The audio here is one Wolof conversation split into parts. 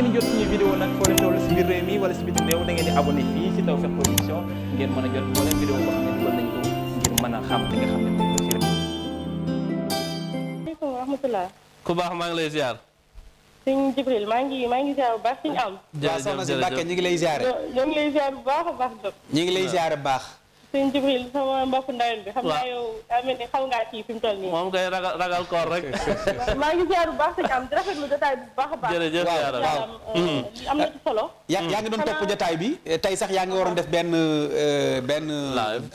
ngeen jot suñu vidéo nag foo leen toll si biir réew mi wala si biti réew da ngeen di abonné a a xam li ku baax maa ngi lay ziar. sëñ Jibril maa ngi maa ngi ziar baax sëñ am. jërëjëf jërëjëf waaw soxna si Mbàkke ñu lay ziare. ñoo ngi lay ziar baax a baax. ñu ngi lay ziar baax. sëñ Jibril sama mbokku ndawel bi. xam naa yow daa mel ni xaw toll nii. moom ngay ragal ragal koor rek. maa ngi ziar bu baax sëñ am di rafetlu jotaay bu baax a baax. jërëjëf waaw euh, hmm. yaa ngi doon topp jotaay bi eh, tey sax yaa ngi waroon def benn euh, benn.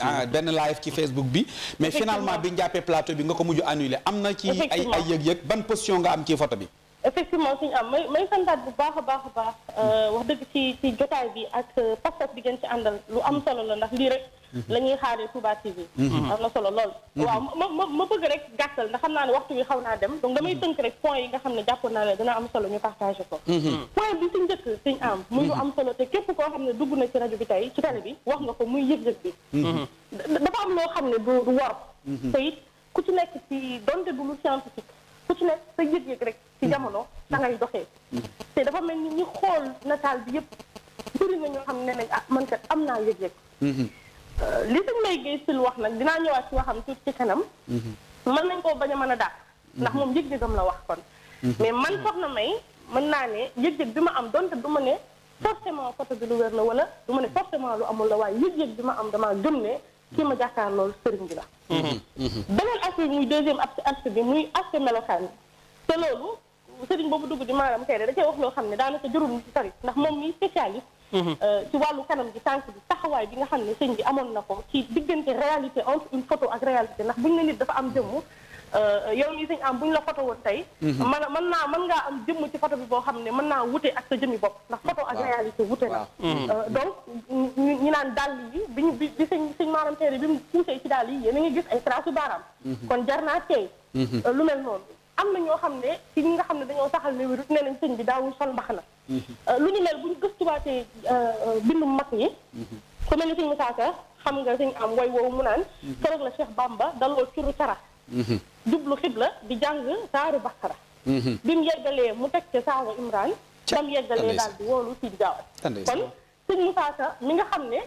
Ah, benn live ci Facebook bi. mais finalement bi ñu jàppee plateau bi nga ko mujj annulé am na ci ay ay yëg ban position nga am ci photo bi. effectivement suñu am bu baax a baax a euh, wax dëgg ci ci jotaay bi ak pas-pas bi ngeen ci àndal lu am solo la ndax lii rek Mm-hmm. la ñuy xaaree Touba TV. Mm-hmm. am na solo lool. Mm-hmm. waaw ma ma ma bëgg rek gàttal ndax xam naa ne waxtu bi xaw naa dem donc damay tënk rek point yi nga xam ne jàpp naa ne dina ñu partagé ko. point bi si njëkk siñ am. muy lu am solo te képp koo xam ne dugg na ci rajo bi tey ci télé bi wax nga ko muy yëg-yëg bi. dafa am loo xam ne du du war. te ku ci nekk ci donte du lu scientifique ku ci nekk sa yëg-yëg rek ci jamono da ngay doxee. te dafa mel ni ñu xool nataal bi yëpp bëri na ñoo xam ne nañ ah, man kat am naa yëg-yëg. Euh, li suñ may géej si wax nag dinaa ñëwaat ci waxam tuuti ci kanam. Mhm. mën nañ koo bañ a mën a dàq. Mhm. ndax moom yëg-yëgam la wax kon. Mhm. mais man na may mën naa ne yëg-yëg bi ma am donte du ma ne forcément côté bi lu wér na wala du ma ne forcément lu amul la waaye yëg-yëg bi ma am dama gëm ne kii ma jàkkaar loolu sëriñ bi la. beneen aspect bi muy deuxième aspect bi muy aspect melokaan bi te loolu sëriñ boobu dugg di maanaam kay da cee wax loo xam ne daanaka jëruñu ci sori ndax moom mii spécialiste. Mm-hmm. Euh, ci wàllu kanam gi tànk bi taxawaay bi nga xam ne sëñ bi amoon na ko ci diggante réalité entre une photo ak réalité ndax buñ ne nit dafa am jëmm euh, yow mii sëñ am bu buñ la photo woon tey mm-hmm. man mën naa mën ngaa am jëmm ci photo bi boo xam ne mën naa wute ak sa jëmmi bopp ndax photo ak réalité wute na mm-hmm. euh, donc ñu naan dàll yi bi ñu bi sëñ sëñ maanaam teere bi mu poussé ci dàll yi yéen a ngi gis ay trace yu baaraam kon jar naa tey lu mel noonu am na ñoo xam ne ci ñi nga xam ne dañoo saxal ne wérut nee nañ sëñ bi daawul sol mbaxana mhm. lu ñu mel bu ñu gëstuwaatee euh, bindum mag ñi mhm. ku mel ni sëñ Moussa Ka xam nga sëñ am way woowu mu naan mhm. keroog la Cheikh Bamba daloo curu sara jublu xibla di jàng saaru Bakara bi mu yeggalee mu teg ca saaru Imran ba mu yeggalee daal di woolu si di gaawat kon sëñ Moussa Ka mi nga xam ne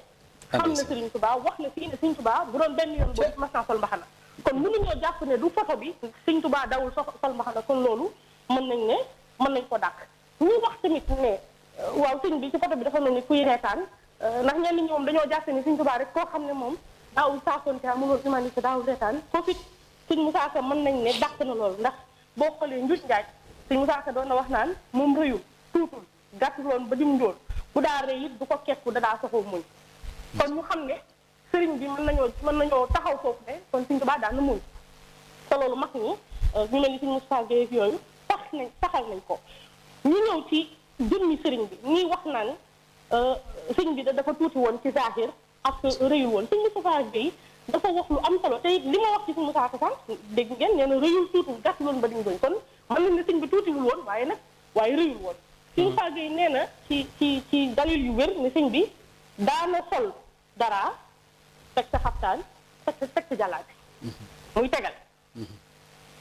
xam na Sëriñ Tuubaa wax na fii ne Sëriñ Tuubaa bu doon benn yoon boobu mas naa sol mbaxana kon mënuñoo jàpp ne du photo bi Sëñ Tuubaa dawul so sol mbaxana kon loolu mën nañ ne mën nañ ko dàq ñu wax tamit ne euh, waaw sëñ bi ci photo bi dafa mel ni kuy reetaan euh, ndax ñenn ñi moom dañoo jàpp ne Sëñ Tuubaa rek koo xam ne moom daawul saafonte mënul humanité daawul reetaan foofu it Sëñ Musaa Ka mën nañ ne dàq na loolu ndax boo xoolee njuuj njaaj Sëñ mu Ka doon na wax naan moom rëyul tuutul gàttuloon ba dim njool bu daa rëy it du ko kekku dadaa soxoo muñ kon ñu xam ne sëriñ bi mën nañoo mën nañoo taxaw foofu ne kon Sëriñ Tuubaa daan na muñ te loolu mag ñi euh, ñu mel ni Sëriñ Moustapha Guèye yooyu tax nañ taxal nañ ko ñu ñëw ci jëmmi sëriñ bi ñuy wax naan euh, sëriñ bi dafa tuuti woon ci zahir ak rëyul woon Sëriñ Moustapha Guèye dafa wax lu am solo te li ma wax ci Sëriñ Moustapha Kassam dégg ngeen nee na rëyul tuutiwul gàttul woon ba diñ doñ kon mën nañ ne sëriñ bi tuutiwul woon waaye nag waaye rëyul woon Sëriñ Moustapha Guèye nee na ci ci ci dalil yu wér ne sëriñ bi daana sol dara teg sa xaftaan teg sa teg sa jàllaabi muy tegal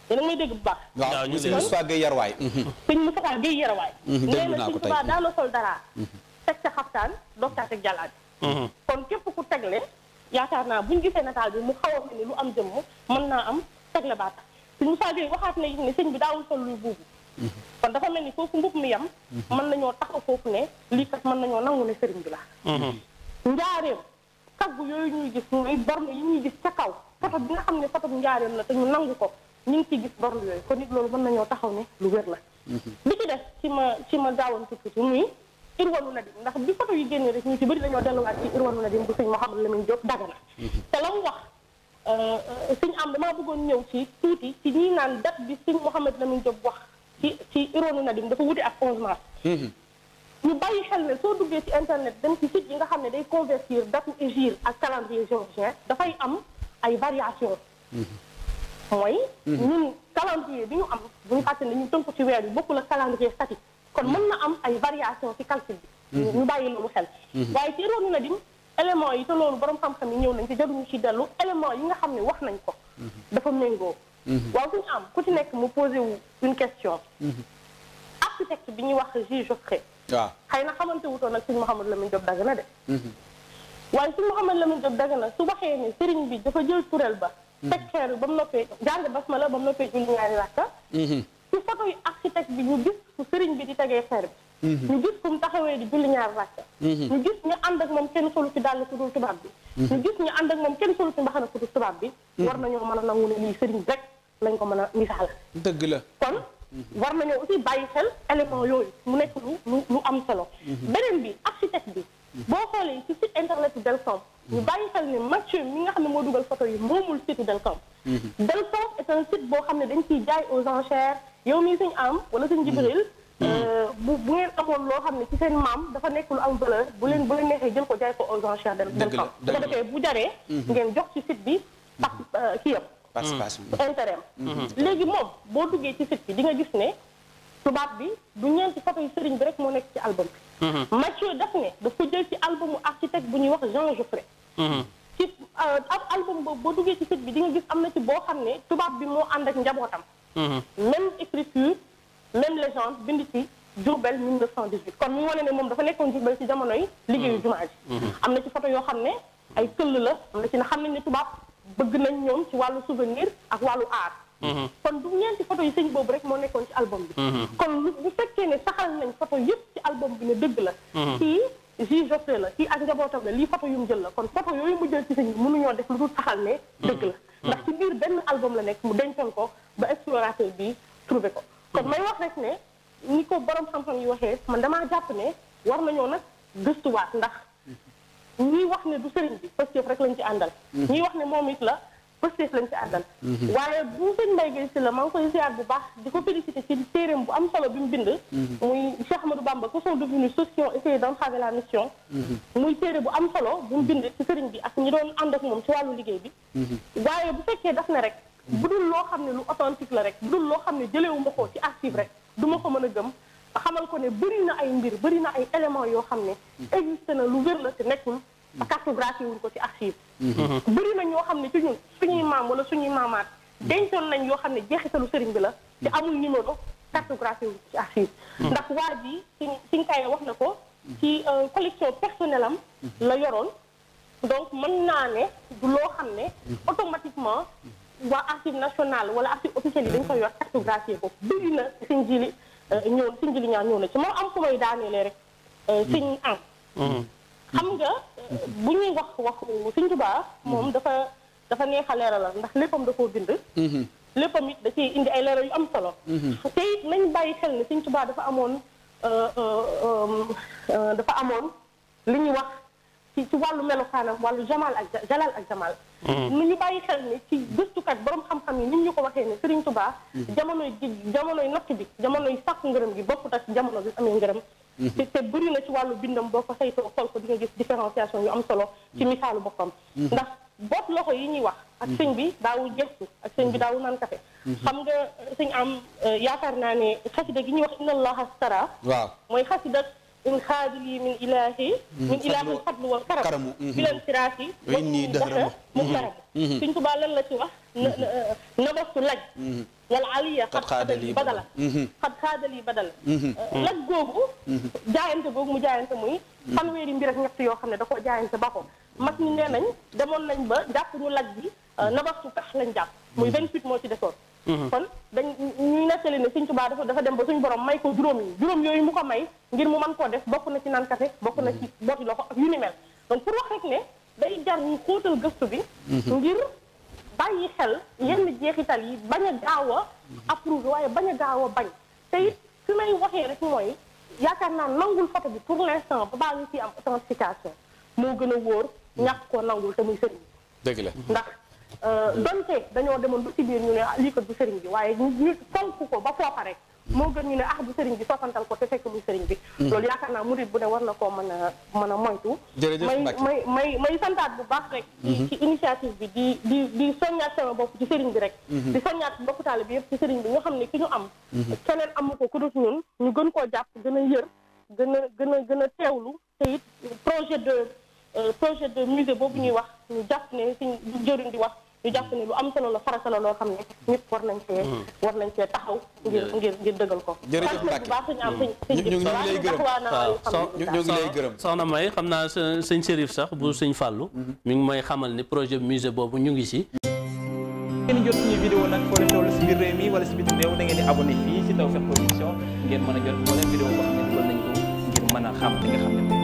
yéen a may bu baax waaw ñu sëñ Moustapha Guèye Yarwaay mhm, sëñ Moustapha Guèye Yarwaay nee na mhm. sëñ Tuubaa daa la dara teg sa xaftaan doog caa teg jàllaabi mhm. kon képp ku tegle yaakaar naa buñ gisee nataal bi mu xaw a mel ni lu am jëmm mën naa am teg la baata sëñ Moustapha Guèye waxaat na it ne sëñ bi daawul sol luy buubu kon dafa mel ni foofu mbub mi yam mën nañoo taxaw foofu ne lii kat mën nañoo nangu ne sëriñ bi la njaareem kaggu yooyu ñuy gis muy borne yi ñuy gis ca kaw photo bi nga xam ne photo bu njaareem la te ñu nangu ko ñu ngi ciy gis borne yooyu kon nit loolu mën nañoo taxaw ne lu wér la mhm. bi ci def ci ci ma gaawoon tukkiti muy ndax bi photo yi génnee rek ñu ci bëri dañoo delluwaat ci irwalu nadim bu sëñ Mouhamadou Lamine Diop Dagana mhm. te la mu wax euh, euh, sëñ am damaa bëggoon ñëw ci tuuti ci ñi naan date bi sëñ Mouhamadou Lamine Diop wax ci ci irwalu nadim dafa wuti ak 11 mars mhm. ñu bàyyi xel ne soo duggee ci internet dem ci site yi nga xam ne day convertir date hégire ak calendrier géorgien dafay am ay variation mhm. mooy mhm. ñun calendrier bi ñu am bu ñu fàtte ne ñu tënk ci weer bi bokkul ak calendrier statique kon man mhm. na am ay variation ci calcul bi ñu bàyyi loolu xel waaye ci roonu na dim éléments yi te loolu borom xam-xam yi ñëw nañ ci jaruñu ci dellu éléments yi nga xam ne wax nañ ko dafa méngoo waaw suñu am ku ci nekk mu posé wu une question architecte bi ñuy wax J. waaw xëy na xamante wutoon nag suñu Mouhamadou Lamine Diop Dagana de mhm. waaye suñu Mouhamadou Lamine Diop Dagana su waxee ne sëriñ bi dafa jël kuréel ba mhm. teg xeer ba mu noppee jàng basmala ba mu noppee julli ñaari rakka mhm. ci photo yu architecte bi ñu gis fu sëriñ bi di tegee xeer bi ñu gis fu mu taxawee di julli ñaari rakka ñu gis ñu ànd ak moom kenn solu ci dàll ku dul tubaab bi ñu gis ñu ànd ak kenn solu ci mbaxana ku dul tubaab bi war nañoo mën a nangu ne lii sëriñ rek lañ ko mën a misaal dëgg la kon war nañoo aussi bàyyi xel élément yooyu mu nekk lu lu lu am solo. Mhm. beneen bi architecte bi. Mhm. boo xoolee ci site internet bi Delcom. ñu mhm. bàyyi xel ne Mathieu mi nga xam ne moo dugal photo yi moomul site Delcom. Delcom est un site boo xam ne dañ ciy jaay aux enchères yow mii suñ am wala suñ Jibril. Euh, bu bu ngeen amoon loo xam ne ci seen maam dafa nekk lu am valeur bu leen bu leen neexee jël ko jaay ko aux enchères. Delcom bu ko bu jaree. ngeen jox ci site bi. ndax euh, kii yëpp. participation mm. intérêt am mm-hmm. Mm-hmm. léegi moom boo duggee ci site bi di nga gis ne tubaab bi bu ñeenti photo yu sëriñ bi rek moo nekk ci album bi mm-hmm. Mathieu daf ne daf ko jël ci albumu architecte bu ñuy wax Jean Geoffrey ci euh, ab album boobu boo duggee ci site bi di nga gis am na ci boo xam ne tubaab bi moo ànd ak njabootam même écriture même légende bind ci Diourbel 1918 kon mu wane ne moom dafa nekkoon Diourbel ci jamonoy liggéeyu jumaa ji am na ci photo yoo xam ne ay këll la am na ci na xam nañ ne tubaab bëgg nañ ñoom ci wàllu souvenir ak wàllu aar mm-hmm. kon du ñeenti photo yi sëñ boobu rek moo nekkoon ci album bi mm-hmm. kon bu fekkee ne saxal nañ photo yëpp ci album bi ne dëgg la mm-hmm. kii Jules Joffé la kii ak njabootam la lii photo yu mu jël la kon photo yooyu mu jël ci sëñ bi mënuñoo def lu dul saxal ne dëgg la ndax ci biir benn album la nekk mu dencoon ko ba explorateur bi trouvé ko kon may wax rek ne ni ko borom xam-xam yi waxee man damaa jàpp ne war nañoo nag gëstuwaat ndax ñuy wax ne du sëriñ bi Pastef rek lañ ci àndal. Mm-hmm. ñuy wax ne moom it la Pastef lañ ci àndal. Mm-hmm. waaye bu sëñ Mbaye Guèye Sylla maa ngi koy ziar bu baax di ko félicité ci téeréem bu am solo bi mu bind. Mm-hmm. muy Cheikh Ahmadou Bamba que sont devenus ceux qui ont essayé d'entraver la mission. muy téere bu am solo bu mu bind ci sëriñ bi ak ñi doon ànd ak moom ci wàllu liggéey bi. waaye bu fekkee daf ne rek. bu budul loo xam ne lu authentique la rek budul loo xam ne jëlewu ma ci archive rek du ma ko mën a gëm. xamal ko ne bëri na ay mbir bëri na ay éléments yoo xam ne existé na lu wér la te nekkul cartographie ko ci archive mm-hmm. bëri na ñoo xam ne ci ñun suñuy maam wala suñuy maamaat mm-hmm. dencoon nañ yoo xam ne jeexitalu sëriñ bi la te mm-hmm. amul numéro cartographie wuñ ci archive ndax waa ji siñ siñ kaye wax na ko ci euh, collection personnelle am la yoroon donc mën naa ne du loo xam ne automatiquement waa archive nationale wala archive officielle yi dañ koy yor cartographie ko bëri na seen jili ñëw sëñ Jili ñaan ñëw na ci moo am fu may daaneele rek euh, sëñ mm. am mm. xam nga euh, bu ñuy wax waxu sëñ Tuubaa moom mm. dafa dafa neex a leeralal ndax léppam dafoo koo bind mm-hmm. léppam it da ciy indi ay leeral yu am solo mm-hmm. te it nañ bàyyi xel ne sëñ Tuubaa dafa amoon euh, dafa amoon li ñuy wax ci ci wàllu melokaanam wàllu jamal ak jalal ak jamal mm. mu ñu bàyyi xel ni ci gëstukat borom xam-xam yi ni ñu ko waxee ne Serigne Touba mm. jamonoy ji jamonoy natt bi jamonoy sàkku ngërëm gi bokkut ak jamono bi amee ngërëm mm-hmm. te te bëri na ci wàllu bindam boo ko saytoo xool ko di nga gis différenciation yu am solo ci mm. misaalu boppam mm-hmm. ndax bopp loxo yi ñuy wax ak sëñ bi mm-hmm. daawu gestu ak sëñ bi daawu naan kafe xam nga sañ am euh, yaakaar naa ne xasida gi ñuy wax inna allaha in xaadili min ilaahi mm-hmm. min ilaahi fadlu wal karamu bilan mm-hmm. siraati wa inni dahramu mu karamu mm-hmm. Sëñ Tuubaa lan la ci wax nabastu laj wal aliya xat xaadali badala xat xaadali badala laj uh, googu jaayante googu mu jaayante muy fanweeri mbir ak ñett yoo xam ne da koo jaayante ba ko mag nañ demoon nañ ba jàpp ñu laj bi uh, nabastu tax lañ jàpp muy vingt-huit moo ci desoon Mm-hmm. kon dañ ñuy nettali ne Sëñ Tuubaa dafa dafa dem ba suñu borom may ko juróom yi juróom yooyu mu ko may ngir mu man koo def bokk na ci naan café bokk na ci mm-hmm. booti loxo ak yu ni mel donc pour wax rek ne day jar ñu xóotal gëstu bi mm-hmm. ngir bàyyi xel yenn jeexital yi bañ a gaaw a approuvé waaye bañ a gaaw a bañ te it fi may waxee rek mooy yaakaar naa nangul photo bi pour l'instant ba baa ngi ciy am authentification moo gën a wóor ñàkk koo nangul te muy sëriñ dëgg la Euh, donte dañoo demoon ba ci biir ñu ne ah, lii kat bu sëriñ bi waaye ñu fonk ko ba foofa rek moo gën ñu ne ah bu sëriñ bi soppantal ko te fekk lu sëriñ bi hmm. loolu yaakaar naa murid bu ne war na koo mën a mën a moytu may may may may santaat bu baax rek hmm. ci initiative bi di di di soññaat sama bopp ci sëriñ bi rek hmm. di soññaat bokk taale bi yëpp ci sëriñ bi ñu xam ne ki ñu am keneen amu ko ku dul ñun ñu gën koo jàpp gën a yër gën a gën a gën a teewlu te it projet de euh, projet de musée boobu ñuy wax ñu jàpp ne suñ jëriñ di wax ñu jàpp ne lu am solo la farata loo xam ne ñëpp war nañ cee mm. war taxaw ngir ngir dëggal ko jërëjëf Mbacke mm. soxna may xam naa sëñ Chérif sax bu sëñ Fallou mm-hmm. mi ngi may xamal ni projet musée boobu ñu ngi si ngeen jot suñu vidéo nag foo leen toll si biir réew mi wala si bitim réew da di abonné fii si Tawfekh Production ngeen mën a jot ngir mën a xam